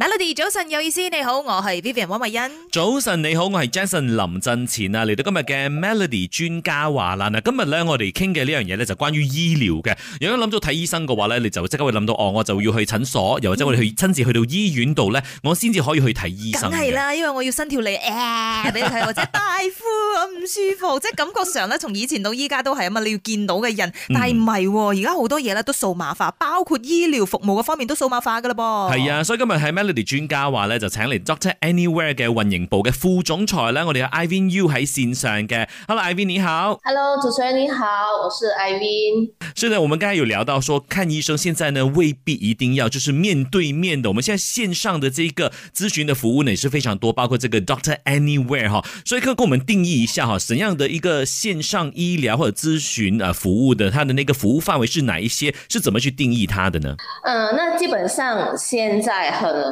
Melody，早晨有意思，你好，我係 Vivian 汪慧欣。早晨你好，我係 Jason 林振前啊，嚟到今日嘅 Melody 專家話啦。嗱，今日咧我哋傾嘅呢樣嘢咧就關於醫療嘅。如果諗到睇醫生嘅話咧，你就即刻會諗到哦，我就要去診所，又或者我哋去親自去到醫院度咧，我先至可以去睇醫生的。梗係啦，因為我要伸條脷誒俾你睇，或者 大夫我唔舒服， 即係感覺上咧，從以前到依家都係啊嘛，你要見到嘅人，嗯、但係唔係，而家好多嘢咧都數碼化，包括醫療服務嘅方面都數碼化噶啦噃。係啊，所以今日係咩？專家話呢就請嚟 Doctor Anywhere 嘅運營部嘅副總裁咧，我哋嘅 Ivin Yew 喺線上嘅，Hello，Ivin 你好 Hello 主持人你好，我是 Ivin。是的，我們剛才有聊到說，看醫生現在呢未必一定要就是面對面的，我們現在線上的這個諮詢的服務呢也是非常多，包括這個 Doctor Anywhere 哈，所以可以跟我們定義一下哈，怎樣的一個線上醫療或者諮詢啊服務的，它的那個服務範圍是哪一些，是怎麼去定義它的呢？嗯，那基本上現在很。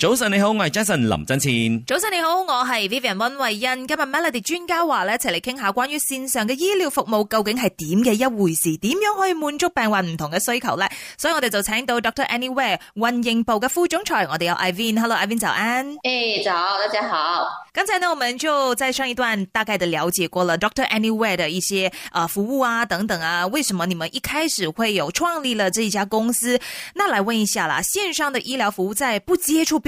早晨你好，我係 Jason 林振倩。早晨你好，我係 Vivian 溫慧欣。今日 Melody 專家話咧，一齊嚟傾下關於綫上嘅醫療服務究竟係點嘅一回事，點樣可以滿足病患唔同嘅需求咧？所以我哋就請到 Doctor Anywhere 運營部嘅副總裁，我哋有 Ivin，Hello，Ivin 早安，誒，早，大家好。剛才呢，我們就在上一段大概的了解過了 Doctor Anywhere 的一些啊、呃、服務啊等等啊，為什麼你們一開始會有創立了這一家公司？那來問一下啦，綫上的醫療服務在不接觸病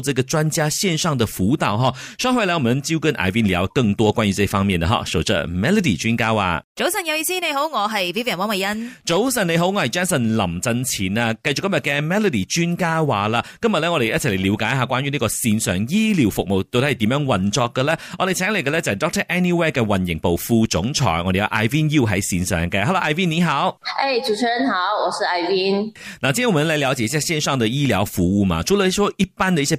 這個專家線上的輔導哈，稍後呢我們就跟 Ivin 聊更多關於這方面的哈，守着 Melody 專家話，早晨有意思你好，我係 Vivian 溫美欣，早晨你好，我係 Jason 林振前啊，繼續今日嘅 Melody 專家話啦，今日咧我哋一齊嚟了解一下關於呢個線上醫療服務到底係點樣運作嘅咧，我哋請嚟嘅咧就係、是、Doctor Anywhere 嘅運營部副總裁，我哋有 Ivin Yew 喺線上嘅，hello Ivin 你好，誒、hey, 主持人好，我是 Ivin，嗱今天我們嚟了解一下線上的醫療服務嘛，除了說一般的一些。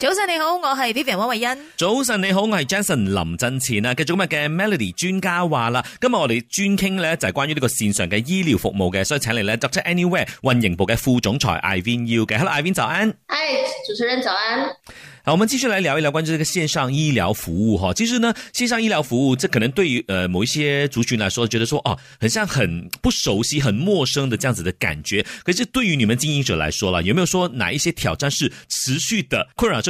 早晨你好，我係 Vivian 汪慧欣。早晨你好，我係 Jason 林振前啊。今日咁嘅 Melody 專家話啦，今日我哋專傾咧就係關於呢個線上嘅醫療服務嘅，所以請嚟咧 d r Anywhere 運營部嘅副總裁 Ivan U 嘅。Hello，Ivan 早安。Hi，主持人早安。好，我們繼續嚟聊一聊關注呢個線上醫療服務嗬，其實呢，線上醫療服務，這可能對於誒、呃、某一些族群來說，覺得說哦、啊，很像很不熟悉、很陌生的這樣子的感覺。可是對於你們經營者來說啦，有沒有說哪一些挑戰是持續的困擾？